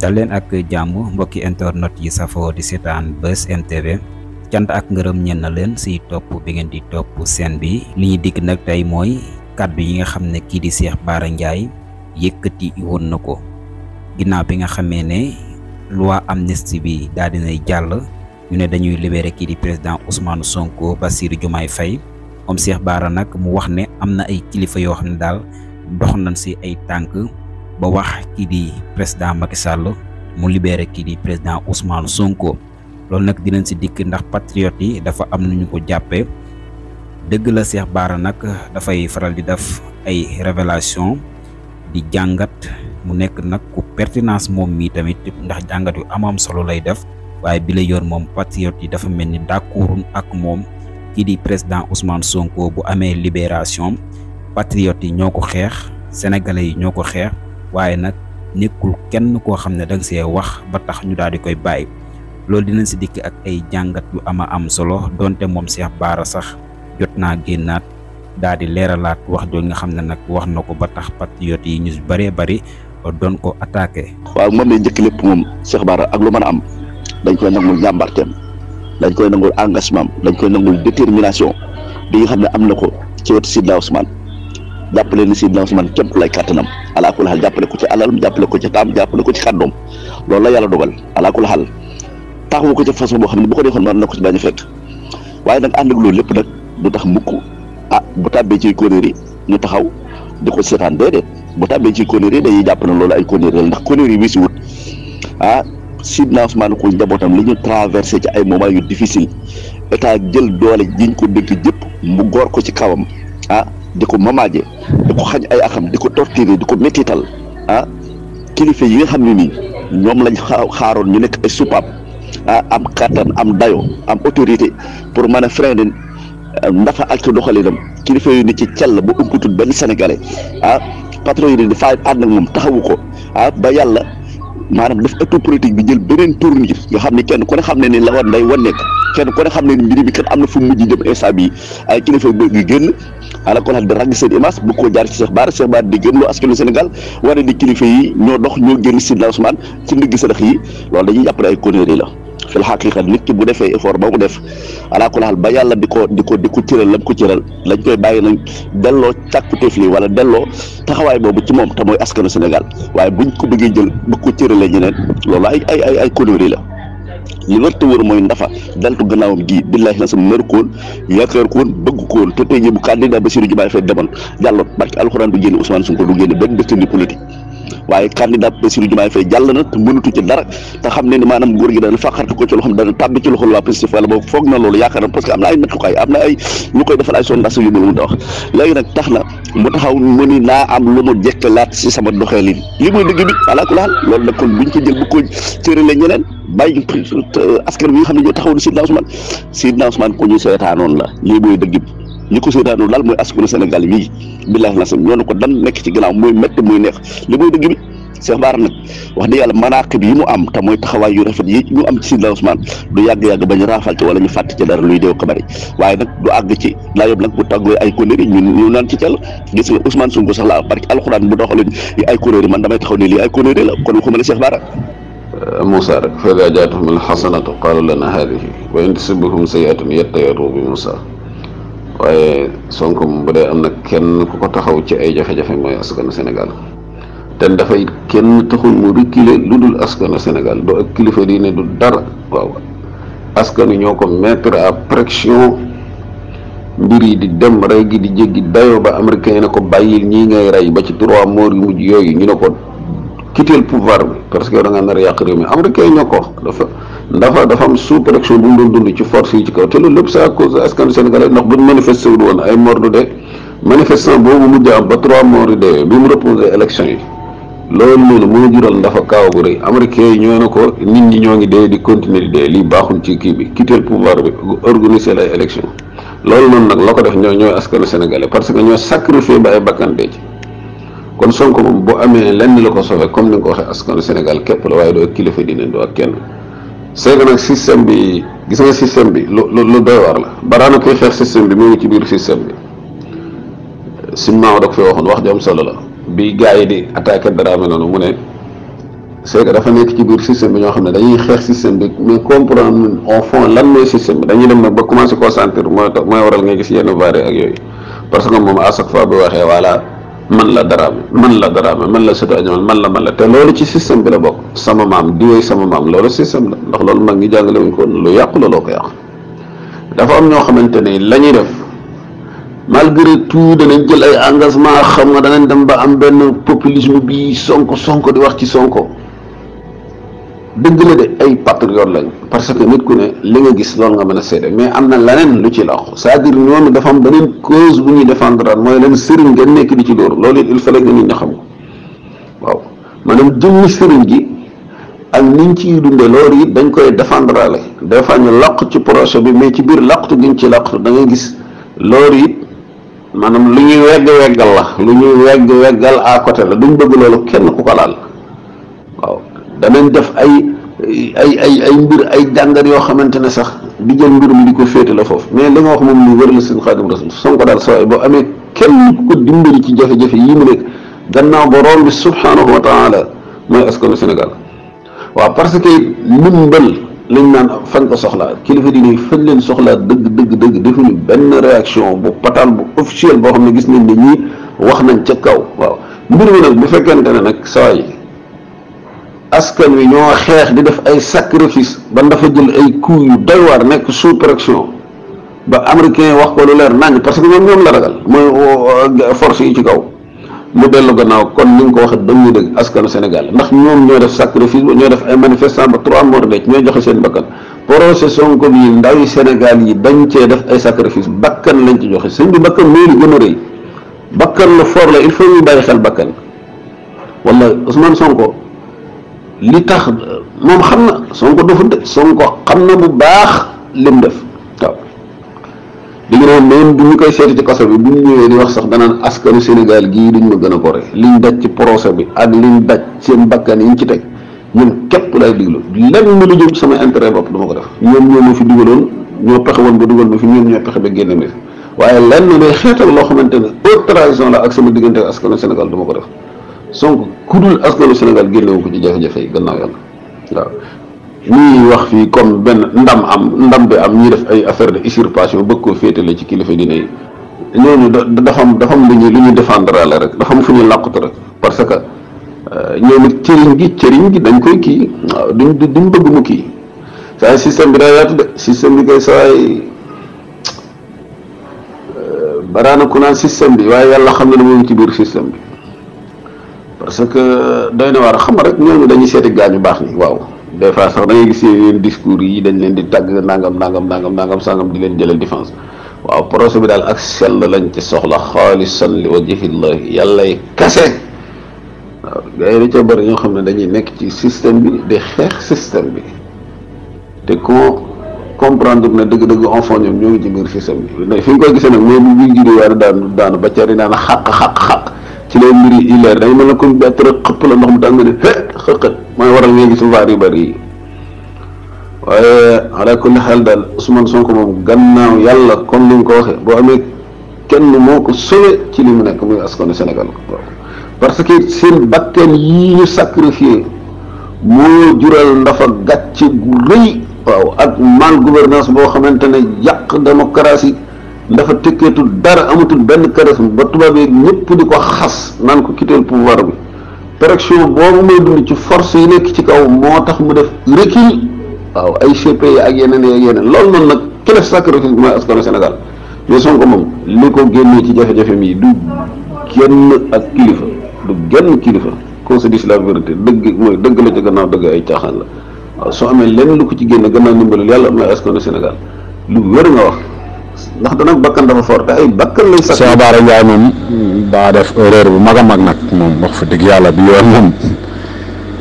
dalen ak jàmm mbokki internet yi safo di setan bus MTV cyant ak ngeureum ñen leen si topu bi ngeen di topu sen bi li ñi dikk nak tay moy kàddu yi nga xamne ki di Cheikh Bara ndjay yekati won nako ginaaw bi nga xamé ne loi amnesty bi da dinaay jall ñu né dañuy libérer ki di président Ousmane Sonko Bassirou Diomaye Faye om Cheikh Bara nak mu wax né amna ay kilifa yo xamne dal dox si ay tank ba wax ki di president Macky Sall mu libéré ki di président Ousmane Sonko lool nak dinañ ci dik ndax patriote yi dafa am nuñu ko jappé deug la Cheikh Bara da fay faral di def ay révélation di jangat mu nek nak ku pertinence mom mi tamit ndax jangat yu amam solo lay def waye bi la yor mom patriote yi dafa melni d'accordun ak mom kii di président Ousmane Sonko bu amé libération patriote yi ñoo ko sénégalais yi waaye nag nekkul kenn koo xam ne danga see wax ba tax ñu daal di koy bàyyi loolu dinañ si dikk ak ay jàngat yu ama am solo donte moom Cheikh Bara sax jot naa génnaat daal di leeralaat wax jooju nga xam ne nag wax na ko ba tax patriote yi ñu bëree bëri doon ko attaqué. waaw moom la njëkk lépp moom Cheikh Bara ak lu mën a am dañ koy nangul njàmbarteem dañ koy nangul engagement dañ koy nangul détermination bi nga xam ne am na ko ci wetu Sidna Ousmane jappale ni sidna usman kep lay katanam ala kul hal jappale ko ci alalam jappale ko ci tam jappale ko ci lolou la yalla dogal ala kul hal taxu ko ci façon bo xamni bu ko defoon man na ko ci bañu a waye nak and ak lolou lepp nak du tax mukk ah bu tabbe ci konéer yi ñu taxaw diko setan dede bu tabbe ci konéer yi dañuy ay ndax wisi wut ah sidna usman ko njabootam li ñu traverser ci ay moment yu difficile état jël doole jiñ ko dëkk jëpp mu gor ko ci kawam ah di ko mamaaje di ko xañ ay axam di ko torturer di ko métital ah kilifa yi nga xam ne nii ñoom lañ xaaroon ñu nekk ay supaab ah, am kattan am dayo am autorité pour mën a freiner euh, ndafa ak ci doxalinam kilifa yu ni ci cell bu ëmputul benn sénégalais ah patron yi di faay ànd ak moom taxawu ko ah ba yàlla maanaam daf ëttu politique bi jël beneen tournure nga xam ne kenn ku ne xam ne ni la war day nekk kenn ku ne xam ne ni mbir mi am na fu mujj jëm instant bii ay kilifa yu bëgg génn. ala kon di ràgg seen image bu ko jaar ci Cheikh Bara Cheikh Bara di gëm loo askanu Sénégal wane ni kilifa yi ñoo dox ñoo génn Sidna Ousmane ci ndigg sadax yi loolu dañuy jàpp ne ay conneries la fil xaqiqa nit ki bu defee effort ba mu def ala ko laal ba yàlla di ko di ko di ko cëral lam ko cëral lañ koy bàyyi nañ delloo càkkutéef li wala delloo taxawaay boobu ci moom te mooy askanu Sénégal waaye buñ ko bëggee jël bu ko cëralee ñeneen loolu ay ay ay ay la li war a mooy ndafa daltu gannaawam gii billahi na sama nar ko yaakaar ko bëgg ko te tey jii bu candidat Bassirou Diomaye Faye demoon jàlloon barke alxuraan du génne Ousmane Sonko du génne benn détenu politique waaye candidat Bassirou Diomaye Faye jàll na te mënatu ci dara te xam ne ni maanaam góor gi dana fàqarti ko ci loxoom dana tàbbi ci loxol loolu yaakaar parce que am na ay nattukaay am na ay ñu koy defal ay sondage yu mu da wax léegi nag tax na mu taxaw mu naa am lu mu jekkalaat si sama doxalin li muy dëgg bi alaaku laal loolu nag kon buñ ci jël bu ko cëralee ñeneen bàyyi askan wi xam ne ñoo taxaw ni Sidna Ousmane Sidna Ousmane ku ñu seetaanoon la li ko seetaanoo daal mooy askanu Sénégal mi billahi la sam ñoo ko dan nek ci ginaaw moy metti moy neex li moy dëgg bi Cheikh Bara nak wax dëgg yalla manaqib yi mu am ta moy taxaway yu rafet yi ñu am ci sidda Ousmane du yag yag bañ rafal ci wala ñu fatte ci dara luy deew xabar yi waaye nag du ag ci la yob nak bu taggo ay neeri ñun ñu nan ci tel gis nga Ousmane Sonko sax la barki alquran bu doxal yi ay neeri man damay taxaw ni li ay neeri la kon waxuma ne Cheikh Bara موسى hasanatu qalu lana hadhihi wa in tusibhum تسبهم yatayaru bi Musa waaye Sonko moom bu dee am na kenn ku ko taxaw ci ay jafe-jafe mooy askanu Sénégal te dafay kenn taxul mu reculer lu dul askanu Sénégal doo ak kilifa ne du dara waaw askanu ñoo ko mettre à pression mbir yi di dem rey gi di jéggi dayoo ba américain yi ne ko bàyyil ñii ngay rey ba ci trois morts yu mujj yooyu ñu ne ko quitter le pouvoir bi parce que da nga nar a yàq réew mi américain yi ñoo ko dafa ndax dafa am sous protection bu mu doon dund ci force yi ci kaw te loolu lépp c'est à cause ndax bu ñu woon ay mort de manifestant boobu mujj am ba trois morts de bi mu reposé élection yi loolu noonu moo jural dafa kaaw bu rëy américain yi ñoo ko nit ñi ñoo ngi dee di continuer di dee lii baaxul ci kii bi quitter le pouvoir bi organiser lay élection loolu noonu nag loo ko def ñoo ñooy askanu sénégalais parce que ñoo sacrifié ba ay bakkan dee ci kon Sonko moom comme ni nga ko waxee askanu Sénégal képp waaye doo kilifa dinañ doo kenn. c'est nag système bi gis nga système bi lu lu lu doy waar la baraana kuy xeex système bi mu ngi ci biir système bi si maaw da ko fi wax ju am solo la bi gars yi di attaqué Dramé noonu mu ne c'est dafa nekk ci biir système bi ñoo xam ne dañuy xeex système bi mais comprendre au fond lan mooy système bi dañuy dem nag ba commencé concentrer mooy tax mooy waral nga gis yenn varié ak yooyu parce que moom à chaque fois bu waxee voilà man la daraame man la daraame man la sëtu ajamal man la man la te loolu ci système bi la bokk sama maam diwéy sama maam loolu système la ndax loolu mag ngi jàngale wuñ ko lu yàqu looloo ko yàq dafa am ñoo xamante ne la ñuy def malgré tout danañ jël ay engagement xam nga danañ dem ba am benn populisme bi sonko sonko di wax ci sonko dëgg la de ay patriote lañ parce que nit ku ne li nga gis loolu nga mën a seede mais am na leneen lu ci laxu saa à dire ñoom dafa am beneen cause bu ñuy défendre mooy leen sëriñ ngeen nekk di ci dóor loolu it il fallait que nit ñi xam ko waaw sëriñ gi ak niñ ciy dunde loolu it dañ koy défendraale des fois ñu làqu ci projet bi mais ci biir làqutu giñ ci làqutu da nga gis loolu it maanaam lu ñuy wegg weggal la lu ñuy wegg weggal à côté la duñ bëgg loolu kenn ku ko laal danañ def ay ay ay ay mbir ay jàngat yoo xamante ne sax di jël mbirum di ko féete la foofu mais li nga wax moom lu wër la seen xaadim rasul Sonko daal saa boo amee kenn ku ko dimbali ci jafe-jafe yii mu nekk gannaaw borom bi subhaanahu wa taala mooy askanu Sénégal waaw parce que ndimbal lañ naan fan ko soxlaa kilifa diine fañ leen soxlaa dëgg dëgg dëgg defuñu benn réaction bu patal bu officiel boo xam ne gis nañ ne ñii wax nañ ca kaw waaw mbir mi nag bu fekkente ne nag saa askan wi ñoo xeex di def ay sacrifice ba dafa jël ay coup yu doy waar nekk sous pression ba américain wax ko lu leer nañ parce que ñoom ñoom la ragal mooy euh, force yi ci kaw mu dellu gannaaw kon ni nga ko waxee dañuy dégg askanu Sénégal ndax ñoom ñoo def sacrifice ñoo def ay manifestant ba trois morts de ñooy joxe seen bakkan procès Sonko yi ndawi Sénégal yi dañ cee def ay sacrifice bakkan lañ ci joxe sëñ bi bakkan mooy li gën a rëy bakkan la for la il faut ñu bàyyi xel bakkan wala Ousmane Sonko. li tax moom xam na Sonko dafa def ko xam na bu baax lim def waaw di nga ne bu ñu koy seeti ci kaso bi bu ñu ñëwee di wax sax danaan askanu Sénégal gii duñ ma gën a gore liñ daj ci procès bi ak liñ daj seen bakkan yiñ ci teg ñun képp lay diglu lenn lu jëm sama intérêt bopp dama ko def ñoom ñoo ma fi dugaloon ñoo pexe woon ba dugal ma fi ñoom ñoo pexe ba génne ma fi waaye lenn day xeetal loo xamante ne haute trahison la ak sama diggante askanu Sénégal duma def Sonko ku dul askanu Sénégal génnewu ko ci jafe-jafe yi gannaaw yàlla waaw ñuy wax fii comme benn ndam am ndam bi am ñuy def ay affaire de usurpation bëgg koo féetale ci kilifa dina yi ñooñu dafa am dafa am lu ñu lu la rek dafa am fu ñu làqutu rek parce que euh, ñoom it cëriñ gi cëriñ gi dañ koy kii waaw duñ duñ bëgg mu kii saa système bi daa yaatu de système bi kay saay euh, baraana ku naan système bi waaye yàlla xam na ne moom ci biir système bi parce que doyna war xam rek ñoo dañuy seeti gañu bax ni waaw des fois sax dañuy ngay gis yeneen discours yi dañ leen di tag nangam nangam nangam nangam sangam di leen jëlal défense waaw projet bi daal ak sel lañ ci soxla khalisan li wajhi yàllay yalla ay kasse yi ri ca bari ñoo xam ne dañuy nekk ci système bi di xeex système bi te ko comprendre na deug deug enfant ñom ñoo ci biir système bi fi ngi ko gisé nak moy bu ñu jiri war daan daan ba ci rina na xaq xaq xaq ci lay mi yi leer day mel ne comme bett rek xëpp la ndox mu tàng di xë xëqët mooy waral ngay gis vaar yu bëri yi waaye ala kulli xel daal Ousmane Sonko moom gannaaw yàlla comme ni ko waxee boo amee kenn moo ko sauvé ci li mu nekk muy askanu senegal parce que seen bakkan yii ñu sacrifié moo jural ndafa gàcce gu rëy waaw ak mal gouvernance boo xamante ne yàq démocratie dafa tekkeetul dara amatul benn charisme ba tubaab yi ñëpp di ko xas naan ko quitter le pouvoir bi pression boobu may dund ci force yi nekk ci kaw moo tax mu def recul waaw ay CP yi ak yeneen yi ak yeneen loolu noonu nag ki def sacrifice mooy askanu Sénégal mais Sonko moom li ko génnee ci jafe-jafe mi du genn ak kilifa du genn kilifa qu'on se dise la vérité dëgg mooy dëgg la ci gannaaw dëgg ay caaxaan la soo amee lenn lu ko ci génne gannaaw ndimbalul yàlla mooy askanu Sénégal lu wér nga wax ndax da nag bakkan dafa fort te ay bakkan lay. sax Cheikh Bara moom daa def erreur bu mag a mag nag moom wax fa dëgg yàlla bi yoon moom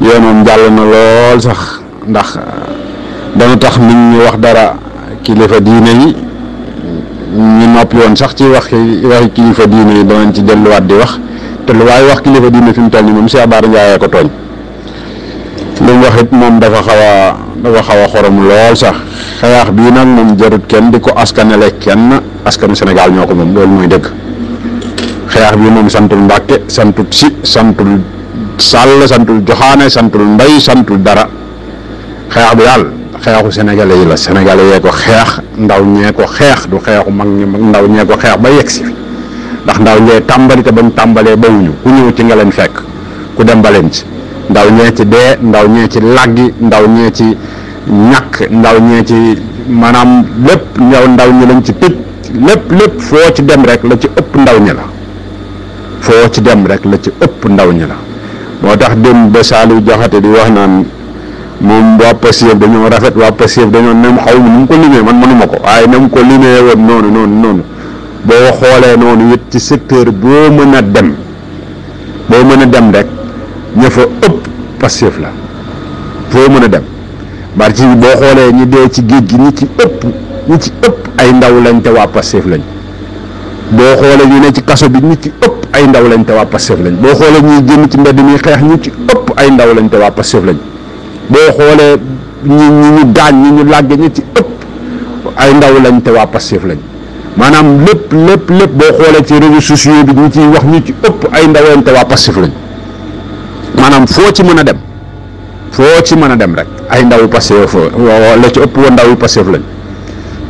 yoon moom jàll na lool sax ndax euh, dana tax nit ñi wax dara kilifa diine yi ñu noppi woon sax ci wax waxi kilifa diine yi danañ ci delluwaat di wax te lu waaye wax kilifa diine fi mu toll moom Cheikh Bara Ndiaye ko tooñ. lu waxit mom dafa xawa dafa xawa xorom lol sax xayaax bi nak mom jarut kenn diko ko askanele kenn askanu senegal ñoko mom lol moy deug xayaax bi mom santul mbacke santul ci santul Sall santul Joxaane santul Mbay santul dara xayaax bu yal xayaaxu senegalay yi la senegalay yee ko xex ndaw ñe ko xex du xeexu mag ñi mag ndaw ñe ko xex ba yegg si ndax ndaw ñe tambali te bañ tambale bawuñu ku ñëw ci nga leen ku dem balen ci ndaw ñee ci dé ndaw ñee ci laggi ndaw ñee ci ñak ndaw ñee ci manam lepp ñaw ndaw lañ ci tëj lepp lepp fo ci dem rek la ci upp ndaw ñi la fo ci dem rek la ci upp ndaw ñi la motax dem ba salu joxate di wax naan mom waa passé dañu rafet wa passé dañu nem xaw mu ko limé man mënuma ko waaye nem ko limé woon non non non bo xolé non it ci secteur bo mën dem bo mën dem rek ñafa upp Pastef la foo mën a dem martyr ci boo xoolee ñi dee ci géej gi ñi ci ëpp ñi ci ëpp ay ndaw lañ te waa Pastef lañ boo xoolee ñu ne ci kaso bi ñi ci ëpp ay ndaw lañ lañ boo xoolee ñuy génn ci mbedd mi xeex ñi ci ëpp ay ndaw lañ te waa Pastef lañ boo xoolee ñi ñi ñu gaañ ñi ñu làgge ñi ci ëpp ay ndaw lañ te waa Pastef lañ maanaam lépp lépp lépp boo xoolee ci réseaux sociaux bi ñi ci wax ñu ci ëpp ay ndaw lañ te waa Pastef lañ maanaam foo ci mën a dem foo ci mën a dem rek ay ndawu Pastef la ci ëpp ndawu Pastef lañ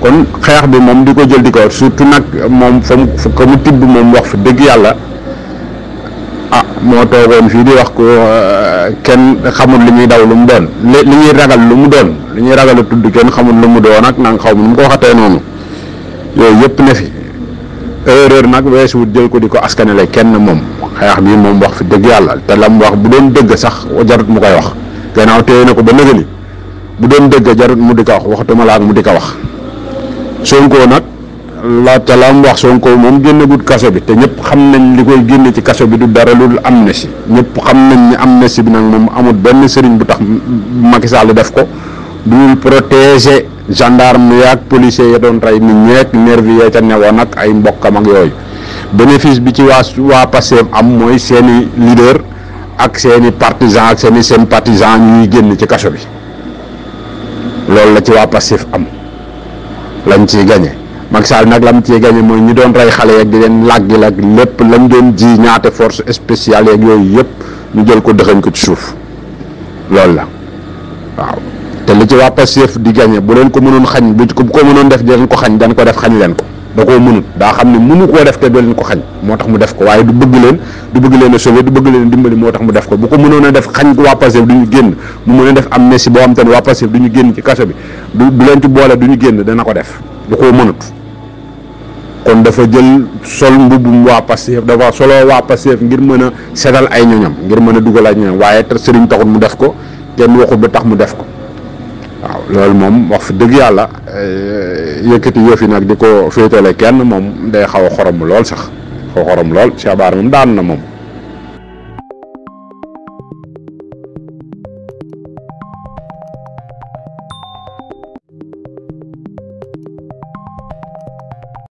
kon xeex bi moom di ko jël di ko surtout nag moom fa mu fa mu tibb moom wax fa dëgg yàlla ah moo toogoon fii di wax ko euh, kenn xamul li muy daw lu mu doon li ñuy ragal lu mu doon li ñuy ragal tudd kenn xamul lu mu doon ak nanga xaw ma nu mu ko waxtee noonu yooyu yëpp ne fi erreur nag weesuwut jël ko di ko askanale kenn moom. xeex bi moom wax fi dëgg yàlla te lam wax bu doon dëgg sax jarut mu koy wax gannaaw téye na ko ba nëgëni bu doon dëgg jarut mu di ko wax waxtuma laa mu di ko wax Sonko nag la te lam wax Sonko moom génnegut kaso bi te ñëpp xam nañ li koy génne ci kaso bi du dara lu amnistie ñëpp xam nañ ni am na si bi nag moom amul benn sëriñ bu tax Macky Sall def ko dul protéger gendarme yaag policier ya doon rey nit ñeeg nervi ya ca newoon ak ay mbokkam ak yooyu bénéfice bi ci waa waa Pastef am mooy seeni leader ak seeni partisan ak seeni sympathisant ñuy génn ci kaso bi loolu la ci waa Pastef am lañ ciy gañe Macky nag lam ciy gañe mooy ñu doon rey xale yeeg di leen làggil ak lépp lañ doon ji ñaate force spéciale yeeg yooyu yëpp ñu jël ko dëxañ ko ci suuf loolu la waaw te li ci waa Pastef di gañe bu leen ko mënoon xañ bu ko mënoon def di leen ko xañ dañ ko def xañ leen ko da ko mënut da xamni ne mënu koo def te do len ko xagn motax mu def ko waye du bëgg len du bëgg len a du bëgg len dimbali motax mu def ko bu ko mënon a def xañ waa Pastef du ñu genn mu mënon a def am messi bo am ne wa passé du ñu génn ci kaso bi du len ci bolé du ñu da na ko def da ko mënut kon dafa jël sol mbubum waa Pastef dafa solo wa passé ngir mëna a ay ñoñam ngir mëna a ay ñoñam ter sëriñ taxul mu def ko kenn waxu ba tax mu def ko waaw loolu moom wax fi dëgg yàlla eh, yëkkati yëf yi nag di ko féetale kenn moom day xaw a xorom lool sax xaw xorom lool Cheikh Bara moom daan na moom.